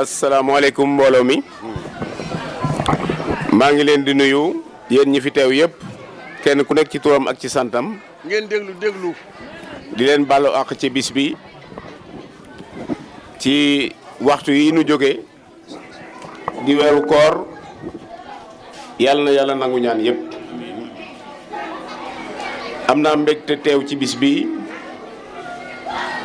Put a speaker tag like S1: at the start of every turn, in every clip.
S1: Assalamualaikum mbooloo mi Mangilin ngi len di nuyu yen ñi fi tew yeb kenn ku nek ci turam ak ci santam. ngeen deglu deglu di len ballo ak ci bis bi ci waxtu yi ñu joge di weeru koor yalla na nangu ñaan yeb amna mbekté tew ci bis bi.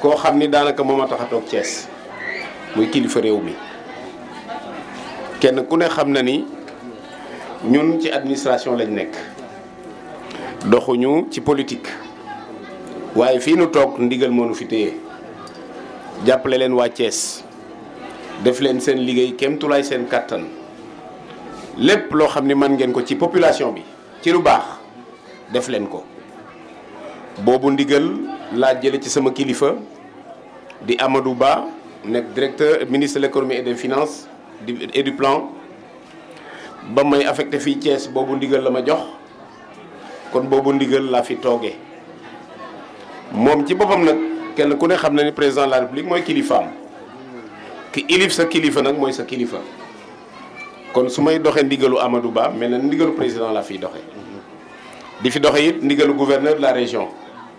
S1: koo xam ni daanaka moom a tax a toog Thiès muy kilifa réew mi kenn ku ne xam na ni ñun ci administration lañ nekk doxuñu ci politique waaye fii nu toog ndigal moo fi téye jàppale leen waa Thiès def leen seen liggéey kem seen kàttan lépp loo xam ni mën ngeen ko ci population bi ci lu baax def leen ko boobu ndigal. La jële ci sama kilifa di Amadou Ba nekk directeur ministre de l'économie et des finances et du plan ba may affecté fi Thiès bobu ndigal la ma jox kon bobu ndigal la fi togué mom ci bopam nak kenn ku ne xam na ni président de la république mooy kilifaam ki ilif sa kilifa nak moy sa kilifa kon sumay may doxee ndigalu Amadou Ba mel na ndigalu président la fi doxe di fi doxe it ndigalu gouverneur de la région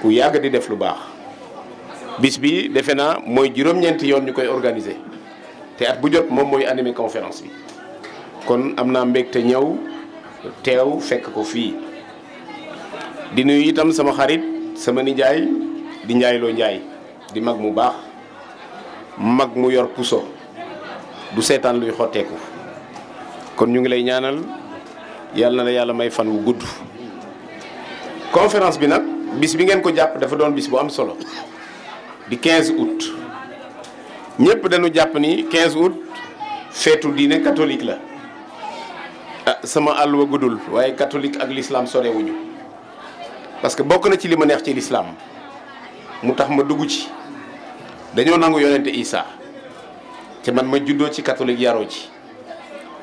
S1: ku yàgg di def lu baax bis bi defe naa mooy juróom-ñeenti yoon ñu koy organiser te at bu jot moom mooy animer conférence bi kon am naa mbégte ñëw teew fekk ko fii di nuyu itam sama xarit sama nijaay di njaayloo njaay di mag mu baax mag mu yor puso du seetaan luy xotteeku kon ñu ngi lay ñaanal yàlla na la yàlla may fan wu gudd conférence bi nag bis bi ngeen ko jàpp dafa doon bis bu am solo di 15 août ñëpp dañu jàpp ni 15 août feetu diine catholique la ah, sama àll gudul guddul waaye catholique ak l'islam sorewuñu parce que bokk na ci li ma neex ci l'islam mu tax ma dugg ci dañoo nangu yonente Isa ci man ma juddoo ci catholique yaroo ci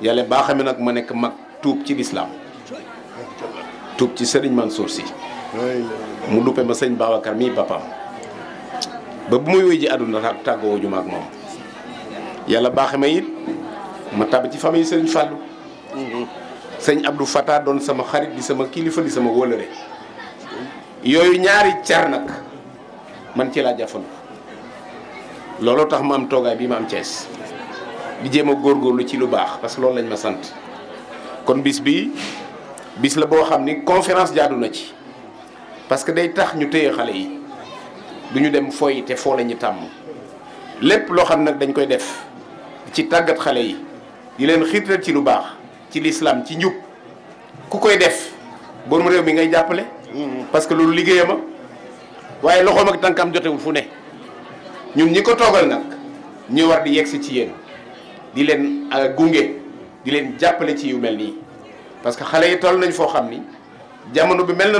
S1: yàlla baa xam ne nag ma nekk mag tuub ci l'islam tuub ci Serigne Mansour mu dupe ma sëñ babakar mi papa ba bu muy wuy aduna tak tàggoo ju mak mom yalla yàlla baaxe ma it ma tab ci famille fallu Abdou Fata don sama xarit di sama kilifa di sama wolere yoyu ñaari car nak man ci la jafal lolo tax ma am toogaay bi ma am Thiès di gor gor lu ci lu bax parce lolo lañ ma sante kon bis bi bis la hamni xamni conférence jaaduna ci parce que day tax ñu téye xalé yi du dem te la ñu dañ koy def ci tagat xalé yi di leen xitral ci lu ci ci ku koy def mi ngay parce que nous liggéeyama waye loxom ak tànkam nous fu ne ñun ñi ko ñu war di yegsi ci yeen di leen euh, gunge di leen jappalé ci yu melni parce que xalé yi toll nañ nous xamni ni jamono bi melna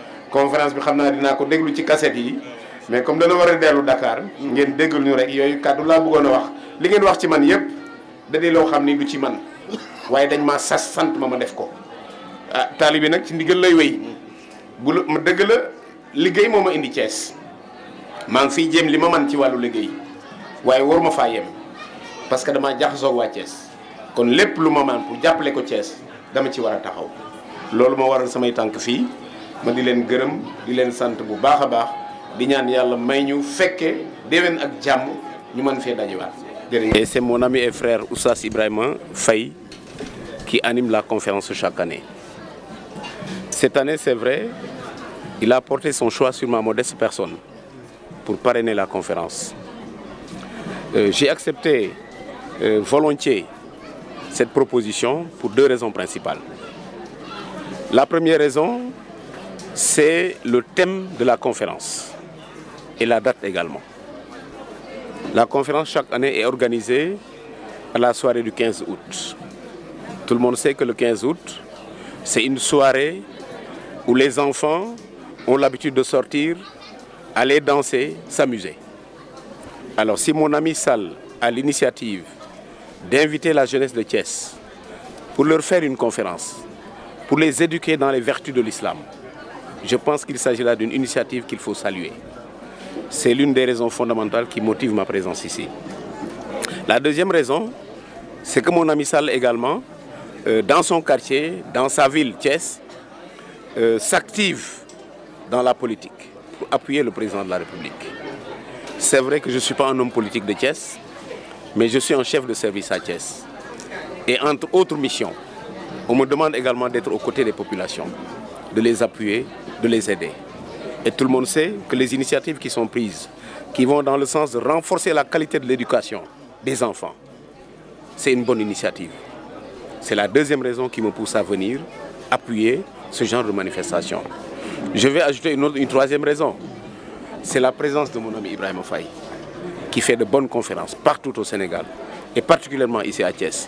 S1: conférence bi xam naa dina ko déglu ci cassette yi mais comme dana war a dellu dakaar ngeen déglu ñu rek yooyu kàddu laa bëggoon a wax li ngeen wax ci man yëpp da di loo xam ni du ci man waaye dañ ma sas sant ma ma def ko ah taalibi nag ci ndigal lay wéy bu ma dëgg la liggéey moom ma indi Thiès maa ngi fiy jéem li ma man ci wàllu liggéey waaye waru ma faa yem parce que damaa jaxasoog waa Thiès kon lépp lu ma man pour jàppale ko Thiès dama ci war a taxaw loolu moo waral samay tànk fii Et c'est mon ami et frère Oussas Ibrahima Faye qui anime la conférence chaque année cette année c'est vrai il a porté son choix sur ma modeste personne pour parrainer la conférence euh, j'ai accepté euh, volontiers cette proposition pour deux raisons principales la première raison c'est le thème de la conférence et la date également. La conférence chaque année est organisée à la soirée du 15 août. Tout le monde sait que le 15 août, c'est une soirée où les enfants ont l'habitude de sortir, aller danser, s'amuser. Alors si mon ami Sal a l'initiative d'inviter la jeunesse de Thiès pour leur faire une conférence, pour les éduquer dans les vertus de l'islam, je pense qu'il s'agit là d'une initiative qu'il faut saluer. C'est l'une des raisons fondamentales qui motive ma présence ici. La deuxième raison, c'est que mon ami Sal également, euh, dans son quartier, dans sa ville, Thiès, euh, s'active dans la politique pour appuyer le président de la République. C'est vrai que je ne suis pas un homme politique de Thiès, mais je suis un chef de service à Thiès. Et entre autres missions, on me demande également d'être aux côtés des populations de les appuyer, de les aider. Et tout le monde sait que les initiatives qui sont prises, qui vont dans le sens de renforcer la qualité de l'éducation des enfants, c'est une bonne initiative. C'est la deuxième raison qui me pousse à venir appuyer ce genre de manifestation. Je vais ajouter une, troisième raison. C'est la présence de mon ami Ibrahim Faye, qui fait de bonnes conférences partout au Sénégal, et particulièrement ici à Thiès.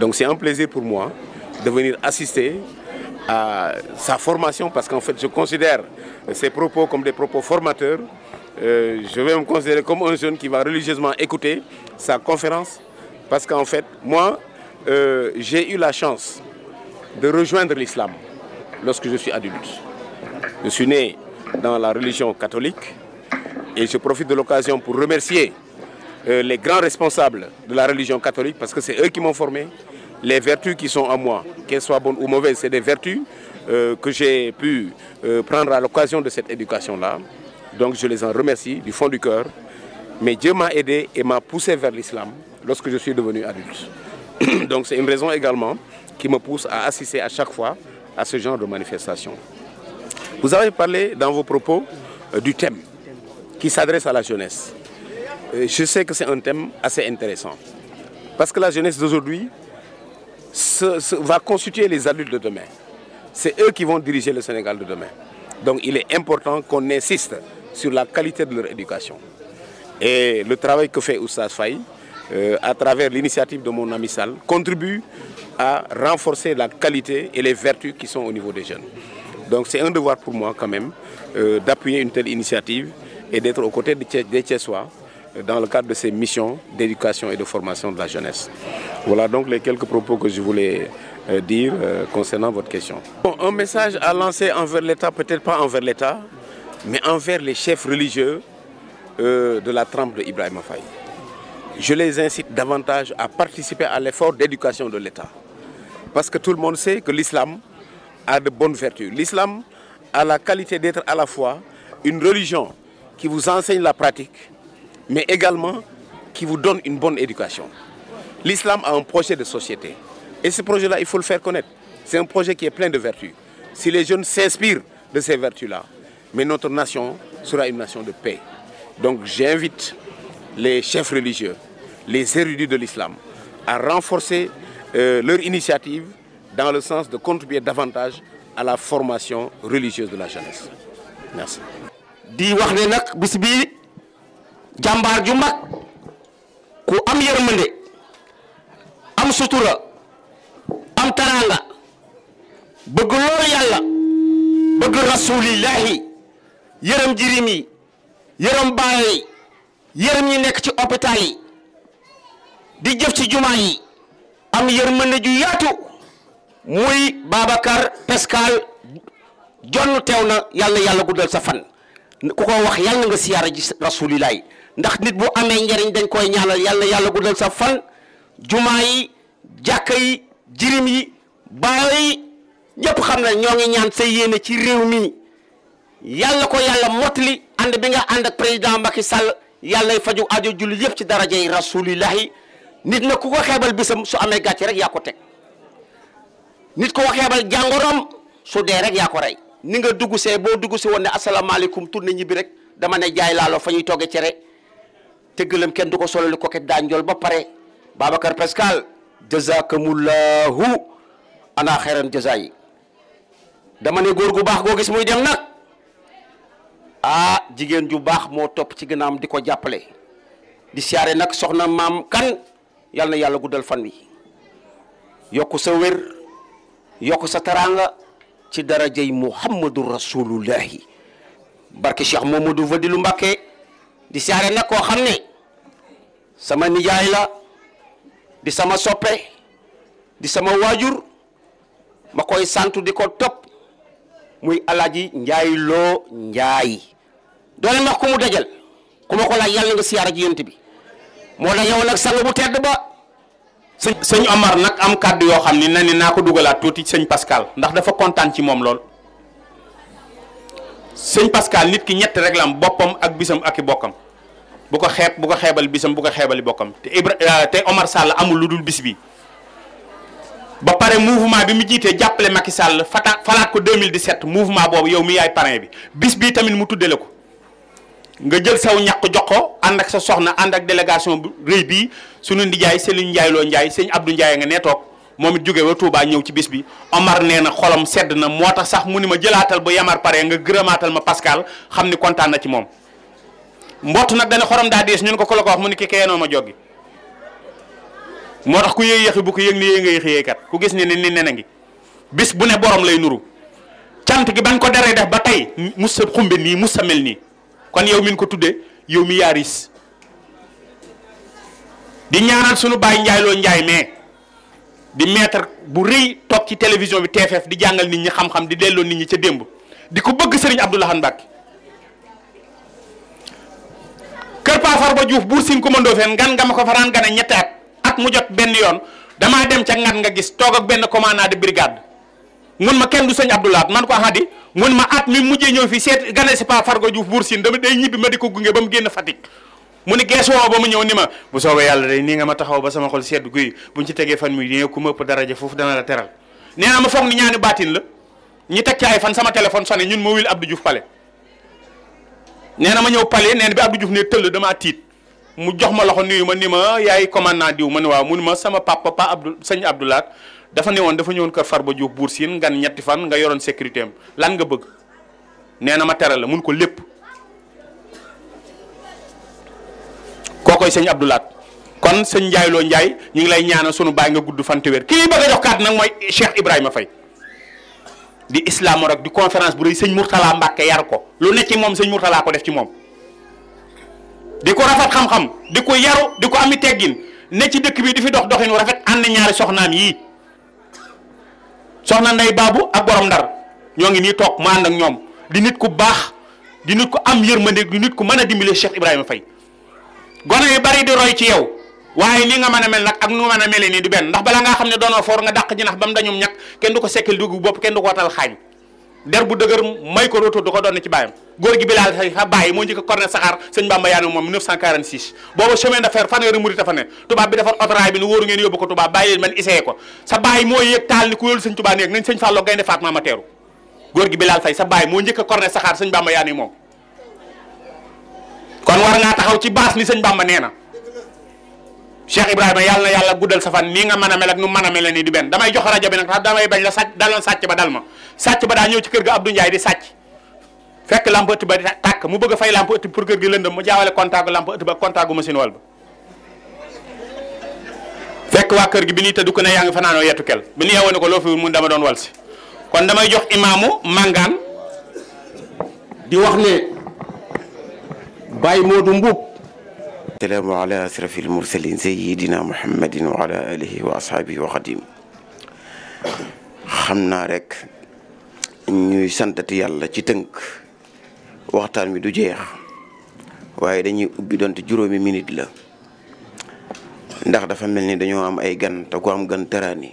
S1: Donc c'est un plaisir pour moi de venir assister à sa formation, parce qu'en fait je considère ses propos comme des propos formateurs. Euh, je vais me considérer comme un jeune qui va religieusement écouter sa conférence, parce qu'en fait, moi, euh, j'ai eu la chance de rejoindre l'islam lorsque je suis adulte. Je suis né dans la religion catholique et je profite de l'occasion pour remercier euh, les grands responsables de la religion catholique parce que c'est eux qui m'ont formé, les vertus qui sont en moi, qu'elles soient bonnes ou mauvaises, c'est des vertus euh, que j'ai pu euh, prendre à l'occasion de cette éducation-là. Donc je les en remercie du fond du cœur. Mais Dieu m'a aidé et m'a poussé vers l'islam lorsque je suis devenu adulte. Donc c'est une raison également qui me pousse à assister à chaque fois à ce genre de manifestation. Vous avez parlé dans vos propos euh, du thème qui s'adresse à la jeunesse. je sais que c'est un thème assez intéressant. Parce que la jeunesse d'aujourd'hui, va constituer les adultes de demain. C'est eux qui vont diriger le Sénégal de demain. Donc il est important qu'on insiste sur la qualité de leur éducation. Et le travail que fait Oustaz Faye, euh, à travers l'initiative de mon ami Sal, contribue à renforcer la qualité et les vertus qui sont au niveau des jeunes. Donc c'est un devoir pour moi quand même euh, d'appuyer une telle initiative et d'être aux côtés des Tchessois euh, dans le cadre de ces missions d'éducation et de formation de la jeunesse. Voilà donc les quelques propos que je voulais euh, dire euh, concernant votre question. un message à lancer envers l'État, peut-être pas envers l'État, mais envers les chefs religieux euh, de la trempe de Ibrahim Je les incite davantage à participer à l'effort d'éducation de l'État. Parce que tout le monde sait que l'islam a de bonnes vertus. L'islam a la qualité d'être à la fois une religion qui vous enseigne la pratique, mais également qui vous donne une bonne éducation. L'islam a un projet de société. Et ce projet-là, il faut le faire connaître. C'est un projet qui est plein de vertus. Si les jeunes s'inspirent de ces vertus-là, mais notre nation sera une nation de paix. Donc j'invite les chefs religieux, les érudits de l'islam, à renforcer euh, leur initiative dans le sens de contribuer davantage à la formation religieuse de la jeunesse. Merci. am sutura am taraanga bëgg loolu yàlla bëgg rasulillahi yërëm jirim yi yërëm baay yi yërëm ñi nekk ci hôpital yi di jëf ci jumaa yi am yërmande ju yaatu muy Babacar Pascal jonn teew na yàlla yàlla guddal sa fan ku ko wax yàlla nga siyaara ji rasulillahi ndax nit bu amee njariñ dañ koy ñaanal yàlla yàlla guddal sa fan jumaa yi jàkka yi jirim yi baale yi ñëpp xam na ñoo ngi ñaan sa yéene ci réew mi yàlla ko yàlla mottali ànd bi nga ànd ak président Macky Sall yàllay faju ajo julli yëpp ci darajay rasulillahi nit na ku ko xeebal bisam su amee gàcce rek yaa ko teg nit ku ko xeebal jàngoroom su dee rek yaa ko rey ni nga dugg see boo dugg si woon ne asalaamaaleykum tourné ñibbi rek dama ne jaay laalo fa ñuy toggee cere te gëlëm kenn du ko sololi koket daa njool ba pare Babacar jazakumullahu ana xeran jaza yi dama ne góor gu baax goo gis muy dem nag ah jigéen ju baax moo topp ci gànnaawam di ko jàppale di siyaare nag soxna maam kan yàlla yàlla guddal fan wi yokk sa wér yokk sa taraanga ci darajey muhammadu rasulullahi barke cheikh du Fadilou Mbacké di siyaare nag koo xam ne sama nijaay la di sama soppe di sama waajur ma koy santu di ko topp muy alaaji njaay loo njaay doole ma ku mu dajal ku ma ko laaj yàlla nga siyaara ji yonent bi moo la yow nag sang bu tedd ba sëñ sëñ Omar nag am kàddu yoo xam ne na naa ko dugalaat tuuti sëñ Pascal ndax dafa kontaan ci moom lool sëñ Pascal nit ki ñett rek la boppam ak bisam ak i bokkam bu ko xeeb bu ko xeebal bisam bu ko xeebali bokkam te Ibra euh, te Omar Sall amul lu dul bis bi ba pare mouvement bi mu jiitee jàppale Macky Sall fata falaat ko 2017 mouvement boobu yow mi yaay parrain bi bis bii tamit mu tuddale ko nga jël saw ñàkk jox ko ànd ak sa soxna ànd ak délégation bu rëy bii sunu ndijaay Serigne Ndiaye loo Ndiaye sëñ njaay a nga nee toog moom it jóge wa Touba ñëw ci bis bi Omar nee na xolam sedd na moo tax sax mu ni ma jëlaatal ba Yamar pare nga gërëmaatal ma Pascal xam ni kontaan na ci moom. mbott nak dañu xorom daa diis ñun ko ko la ko wax mu ni ki keenoo ma joggi motax ku yëy yexi bu ko yëg ni yëy nga yëxi kat ku gis ni ni nena ngi bis bu ne borom lay nuru cyant gi bañ ko deree def ba tay musse xumbe ni musse mel ni kon yow min ko tuddee yow mi yaris di ñaanal sunu bay ñay lo ñay me di maître bu reuy tok ci télévision bi TFF di jangal nit ñi xam-xam di delo nit ñi ci demb di ko bëgg Serigne han bakki Farba Diouf buur siin ku mandoo fen ngan nga ma ko faraan gane at mu jot ben yoon damaa dem ca ngan nga gis toog ak benn commandant de brigade mun ma kenn du sëñ Abdoulaat man ko ah, hadi, mun ma at mi mujjee ñëw fi seet gane si Paa Farba Diouf buur siin dama day ñibbi ma di ko gunge ba mu génn Fatick mu ni gees ba mu ñëw ni bu soobee day nga ma taxaw ba sama xol sedd guy buñ ci tegee fan mi dine ku ma ëpp daraja foofu dana la teral nee ma foog ni ñaani baatin la ñi teg ci ay fan sama téléphone sonné ñun moo wil Abdou neena na ma ñew palé neen bi Abdou djouf ne teul dama tit mu jox ma loxo nuyu ma ni ma yaay commandant diw ma wa mu ma sama papa pa Abdou sëñ Abdoulaat dafa newon dafa ñewon kër Farba djouf buur siin ngan ñetti fan nga yoron sécurité am lan nga bëgg neena na ma téral mu mun ko lépp kookoy sëñ Abdoulaat kon seigne ndjay lo ndjay ñu ngi lay ñaanal sunu bay nga gudd fan te ki bëgg jox kaat nak moy Cheikh Ibrahima fay di islam rek di conférence bu reuy seigne murtala mbacke yar ko lu ne ci mom seigne murtala ko def ci mom diko rafet xam xam diko yaru diko ami teggin ne ci dekk bi di fi dox doxin rafet and ñaari soxnaam yi soxna nday babu ak borom ndar ñoo ngi ni tok ma and ak ñom di nit ku bax di nit ku am yermande di nit ku meuna dimbalé cheikh ibrahima fay gona yu bari di roy ci yow waye ni nga mëna mel nak ak nu mëna mën ni di ben du ndax bala nga xam ne for nga dakk ji nak bam dañum ñak kën du ko sekkal dugub bopp kenn du ko watal xañ der bu dëgër may ko roto du ko doon ci bayam gor gi bilal say ha baye mo njëkk corne sahar señ Bamba yaano mom 1946 bobu chemin de fer fanweeri murit fa ne tubaab bi defal autoray bi ni woru ngeen yóbbu ko tubaab man essayé ko sa baye moo yek tal ni ku yol señ tuba nek nañ señ fallo gayne Fatma ma teeru góor gi bilal say sa baye mo njëkk corne sahar señ Bamba yaani mom kon war nga taxaw ci bas ni señ Bamba neena cheikh ibrahima yàlla na yàlla guddal sa fan nii nga mën a mel ak nu mën a mel nii di benn damay jox rajo bi nag tax damay bañ la sàcc daloon sàcc ba dal ma sàcc ba daa ñëw ci kër ga Abdou Ndiaye di sàcc fekk lampe ëtt ba di tàkk mu bëgg fay lampe ëtt pour kër gi lëndëm mu jaawale contact lampe ëtt ba contact machine wal ba fekk waa kër gi bi ñuy tëdd ku ne yaa ngi fanaanoo yettu kel bi ko mun dama doon wal kon damay jox imaamu di wax ne Modou السلام على أشرف المرسلين سيدنا محمد وعلى آله وأصحابه وخديم xam naa rek ñuy santati yàlla ci tënk waxtaan wi du jeex waaye dañuy ubbi donte juróomi minute la ndax dafa mel ni dañoo am ay gan te ku am gan tëraani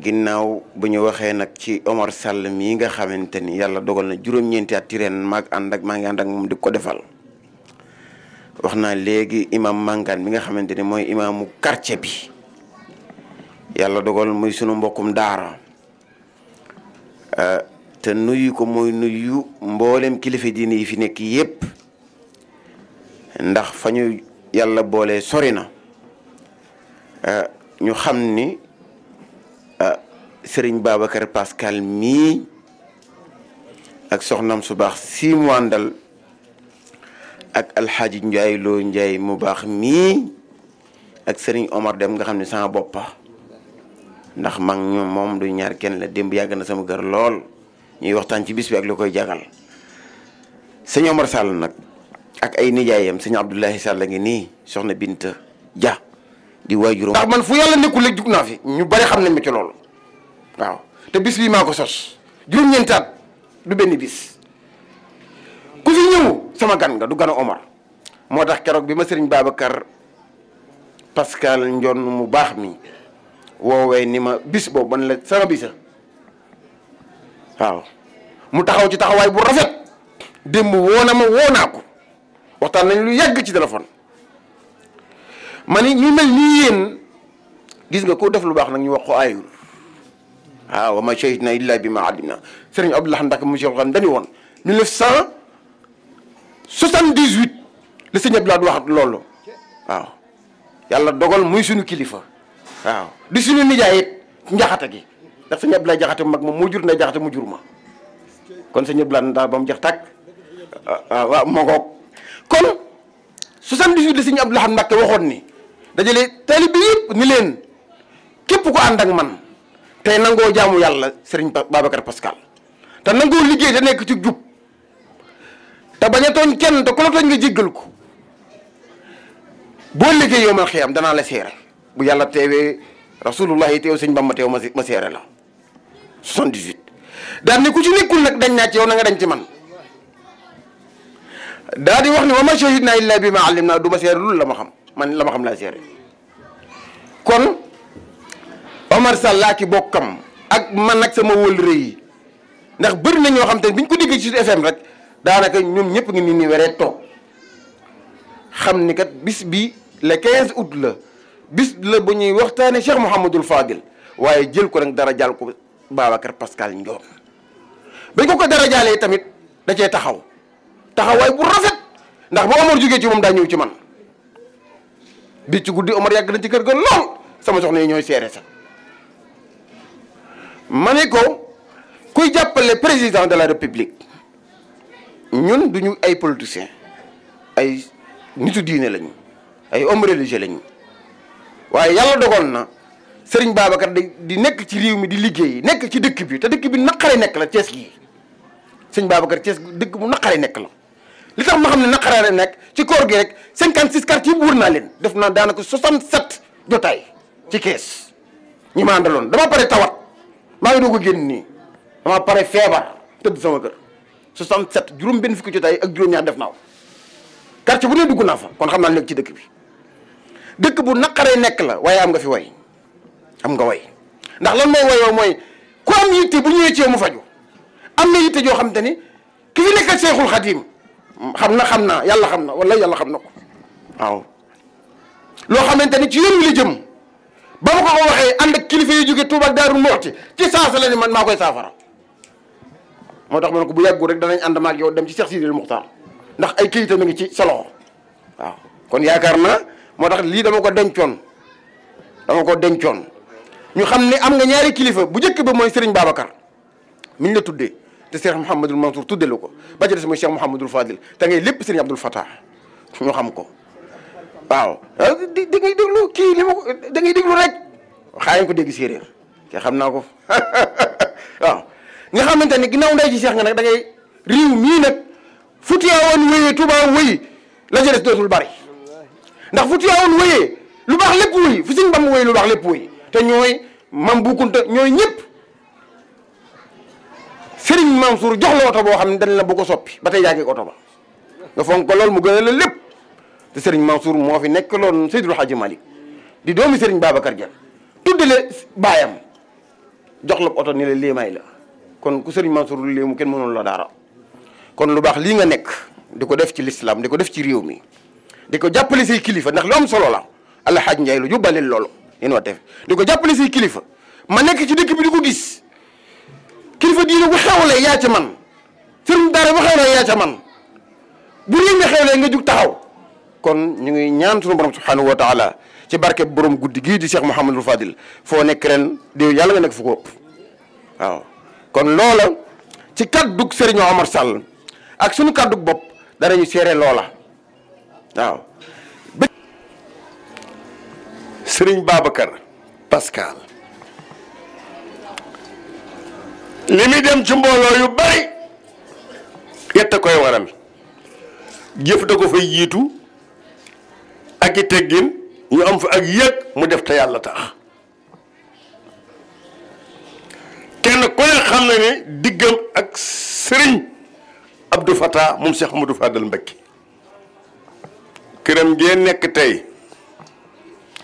S1: ginnaaw bu ñu waxee nag ci Omar Sall mii nga xamante ni yàlla dogal na juróom-ñeenti at ci ren maag ànd ak maa ngi ànd ak moom di ko defal wax naa léegi imam Mangane mi nga xamante ni mooy imaamu quartier bi yàlla dogal muy sunu mbokkum daara euh, te nuyu ko mooy nuyu mboolem kilifa diine yi fi nekk yépp ndax fa ñu yàlla boole sori na euh, ñu xam ni euh, sëriñ Babacar Pascal mii ak soxnam su baax sii mu ak alhaji njaay lo njaay mu bax mi ak serigne omar dem nga xamni sama bop ndax mag ñom mom du ñaar kenn la demb yag na sama gër lool ñi waxtan ci bisbi ak jagal serigne omar sall nak ak ay nijaayam serigne abdullah sall nga ni soxna binta ja di wajuru ndax man fu yalla nekkul rek jukna fi ñu bari xam nañ ma ci lool waaw te bisbi mako sos juroom ñentat du benn bis ku fi ñëw sama gan nga du gan a moo tax keroog bi ma sëriñ Babacar Pascal Ndion mu baax mi woowee ni ma bis boobu man la sama bisa waaw mu taxaw ci taxawaay bu rafet démb woo na ma woo ko waxtaan nañ lu yàgg ci téléphone ma ni ñu mel nii gis nga koo def lu baax nag ñu wax ko aayul waaw wa ma shahidna illa bi ma alimna sëriñ Abdoulaye Ndak mu Cheikh Xan dañu woon 78 le seigne abdoulaye wax lolu waaw yalla dogal muy suñu kilifa waaw di suñu nijaay it njaxata gi ndax seigne abdoulaye jaxata mag mo jur na jaxata mu ma kon seigne abdoulaye da bam jex tak ah, ah, wa mo kon 78 le seigne abdoulaye mbacke waxon ni dajale talibi yep ni len kep ko and ak man tay nango jamu yalla serigne babacar pascal ta nango liggey da nek ci jup تبانيتون كن تكلتون جيجلكو بولي لك يوم الخيام دنا على سيرة بيالا تيوي رسول الله تيوي سنبا متيو مسيرة لا 78 داني كوشي نيكو نك دنيا تيو نغا دنجي من داني وخني وما شهدنا إلا بما علمنا دو مسيرة لولا مخم من لما خم لا سيرة كون عمر سالاكي بوكم اك منك سمو ولري ndax beur nañu xam tane buñ ko diggé ci FM rek daanaka ñoom ñëpp ngi nit ñi weree to xam ni kat bis bi le 15 août la bis la ba ñuy waxtaane Cheikh Mouhamadul Fadil waaye jël ko nag dara jàll ko Babacar Pascal Ndione bañ ko ko dara jaalee tamit da cee taxaw taxawaay bu rafet ndax ba Omar jógee ci moom daa ñëw ci man bi ci guddi Omar yàgg na ci kër ga lool sama soxna yi ñooy seere sax ma ne ko kuy jàppale président de la république ñun ñu ay politiciens ay nitu diine lañu ay homme religieux lañu waaye yàlla dogal na Serigne Babacar di nekk ci réew mi di liggéey nekk ci dëkk bi te dëkk bi naqare nekk la Thiès gii Serigne Babacar Thiès dëkk bu naqare nekk la. li tax ma xam ne naqare nekk ci koor gi rek 56 ci yëpp wër naa leen def naa daanaka 67 jotaay ci kees ñi ma àndaloon dama pare tawat maa ngi doog a génn nii dama pare feebar tëdd sama kër. 67 juróom benn fukki jotaay ak juróom-ñaar def naa ko quartier bu ne dugg naa fa kon xam naa nekk ci dëkk bi dëkk bu naqaree nekk la waaye am nga fi way am nga woy ndax lan mooy wayoo mooy ku am yitte bu ñëwee ci mu faju am na yitte joo xam te ni ki fi nekkal Seexul Xadiim xam na xam naa yàlla xam na wala yàlla xam na ko waaw loo xamante ni ci yoon wi la jëm ba ma ko ko waxee ànd ak kilifa yu jóge Tuuba Daaru Muxti ci saasa la ni man maa koy saafara moo tax ma ne ko bu yàggul rek danañ ànd maag yow dem ci Cheikh Sidil Muxtaar ndax ay kayitam a ngi ci sa waaw kon yaakaar na moo tax lii dama ko dencoon dama ko dencoon ñu xam ne am nga ñaari kilifa bu njëkk ba mooy Serigne Babacar mi la tuddee te Cheikh Mouhamadul Mansour tuddee la ko ba ci des mooy Cheikh Mouhamadul Fadil te ngay lépp Serigne Abdoul Fatah ñu xam ko waaw. di di ngay déglu kii li ko da ngay déglu rek xaaral ko dégg séeréer xam naa ko. nga xamante ni ginnaaw ndey ci seex nga nag da ngay riiw mii fu Tiwaawan wéyee Tuubaa wéy la ca dootul bari ndax fu Tiwaawan wéyee lu baax lépp wéy fu Sëñ Bamba wéy lu baax lépp wéy te ñooy mam bu kunta ñooy ñëpp Serigne Mansour jox la oto boo xam ne dañ la bu ko soppi ba tey yaa ngi oto ba nga fonk ko lool mu gën a la lépp te Serigne Mansour moo fi nekk loon Seydul Hadji Malick di doomi Serigne Babacar Dia tuddale baayam jox la oto ni kon ku sëriñ Mansour lii mu kenn mënul la dara kon lu baax lii nga nekk di ko def ci lislaam di ko def ci réew mi di ko jàppale si kilifa ndax lu am solo la El Hadj Ndiaye lu jubbalil loolu yéen waa TFM di ko jàppale si kilifa ma nekk ci dëkk bi di ko gis kilifa diine bu xewlee yaa ca man sëriñ daara bu xewlee yaa ca man bu réew mi xewlee nga jug taxaw kon ñu ngi ñaan sunu borom subhanahu wa ci barke borom guddi gii di Cheikh Mouhamadul Fadil foo nekk yàlla nga nekk fu kon lola ci sering Serigne Omar Sall ak suñu bop bopp danañu séré lola. waaw Serigne babakar Pascal limi dem ci mbolo yu bari yetta koy waral jëf da ko fay jitu ak teggin ñu am fa ak yek mu def ta yalla tax xam na ne diggam ak Serigne abdu Fatah moom Cheikh Amadou Fadal Mbacké këram gee nekk tey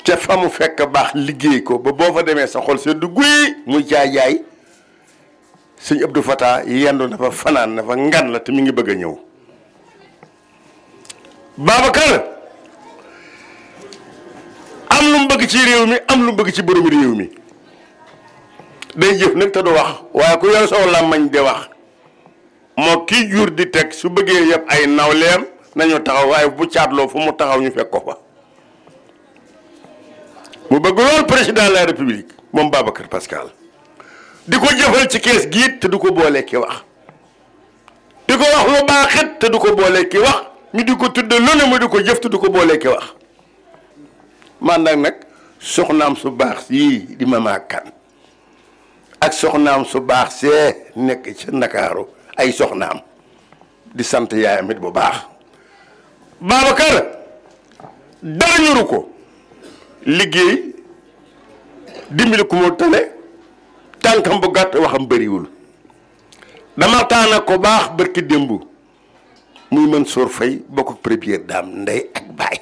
S1: ca fa mu fekk baax liggéey ko ba boo fa demee sa xol seen du guy muy jaay jaay sëñ Abdou Fatah yendu na fa fanaan na fa ngan la te mi ngi bëgg a ñëw Babacar am lu mu bëgg ci réew mi am lu mu bëgg ci borom réew mi day jëf nag te du wax waaye ku yor soo làmmañ di wax moo kii jur di teg su bëggee yëpp ay nawleem nañu taxaw waaye bu caatloo fu mu taxaw ñu fekk ko fa mu bëgg lool président la république moom Babacar Pascal di ko jëfal ci kees giit te du ko boolee wax di ko wax lu baaxit te du ko boolee ki wax ñu di ko tudde lu ne mu di ko jëf te du ko boolee wax man nag nag soxnaam su baax yii di ma maakan ak soxnaam su baax see nekk ca ndakaaru ay soxnaam di sant yaayam it bu baax Babacar dara ñoru ko liggéey dimbali ku mu tane tànkam bu gàtt waxam bëriwul dama taana ko baax barki démb muy Mansour Faye bokk première dame ndey ak baay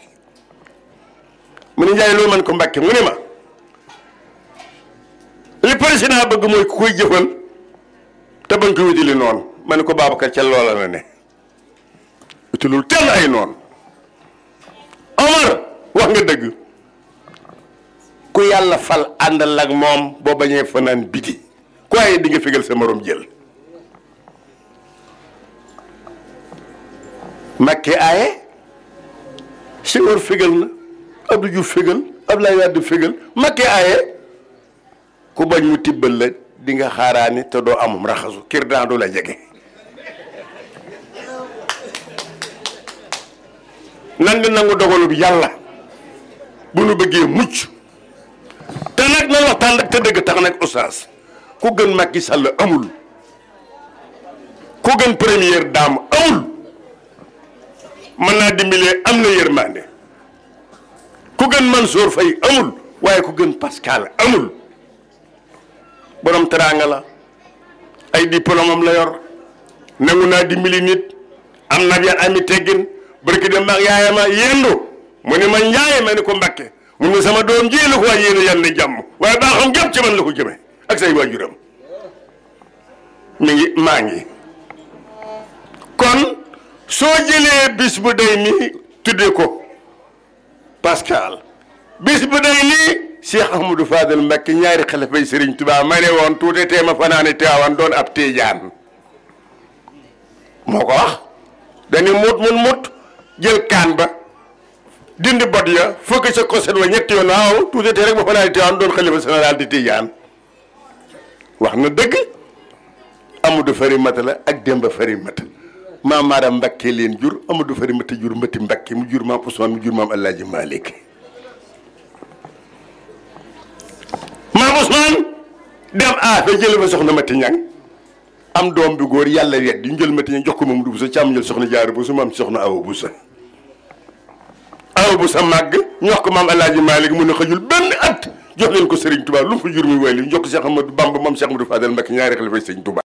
S1: mu ne Njaay loo man ko Mbàkke mu ne ma président bëgg mooy ku koy jëfal te bañ ko wutili noonu ma ne ko Babacar ca loola la ne utilul kenn ay noonu Omar wax nga dëgg ku yàlla fal àndal ak moom boo bañee fanaan biti ku waaye di nga fegal sa morom jël Macky aaye Senghor fegal na Abdou Diouf fegal Abdoulaye Wade fegal Macky aaye ku bañ mu tibbal la di nga xaaraani te doo amum raxasu kirdan du la jege nan di nangu bi yàlla bu nu bëggee mucc te nag nan waxtaan nag te dëgg tax nag oustaz ku gën mag Macky Sall amul ku gën première dame amul mën naa dimbalee am na yërmande ku gën Mansour Faye amul waaye ku gën Pascal amul borom teraanga la ay diplôme am la yor nangu naa dimbali nit am na yan ami teggin barki dem ak yaayama yendu mu ne ma njaaye ma ko mbakke mu ne sama doom ji la ko waa yéen a jàmm waaye baaxam jàpp ci man la ko jëmee ak say waajuram mi ngi maa ngi kon soo jëlee bis bu day nii tuddee ko Pascal bis bu day nii Cheikh Ahmadou Fadal Mbacké ñaari xalifay Serigne Touba ma ne woon tuuti teema fanaane Tiwaawan doon ab tiijaan moo ko wax dañu mut mun mut jël kaan ba dindi bot ya fëkk sa koset wa ñetti yoon waaw tuuti tee rek ma fanaane Tiwaawan doon xalifa général di tiijaan wax na dëgg Amadou Fari Mata la ak Demba Fari Mata maam Maram Mbacké leen jur Amadou Fari Mata jur Mbati mbakki mu jur maam Ousmane mu jur maam Alaaji Malick maam Ousmane dem aafe ah, jël fa soxna Mati Ñang am doom bi góor yàlla wet di ñu jël Mati Ñang jox ko moom du bu sa càmm jël soxna Jaara bu sa maam soxna Awa bu sa aw bu sa màgg ñu wax ko maam Alaaji Maalik mu ne xëjul benn at jox leen ko Serigne Touba lu mu fa jur muy wéy li ñu jox ko Cheikh Amadou Bamba moom Cheikh Amadou Fadel Mbacké ñaari xalifa Serigne Touba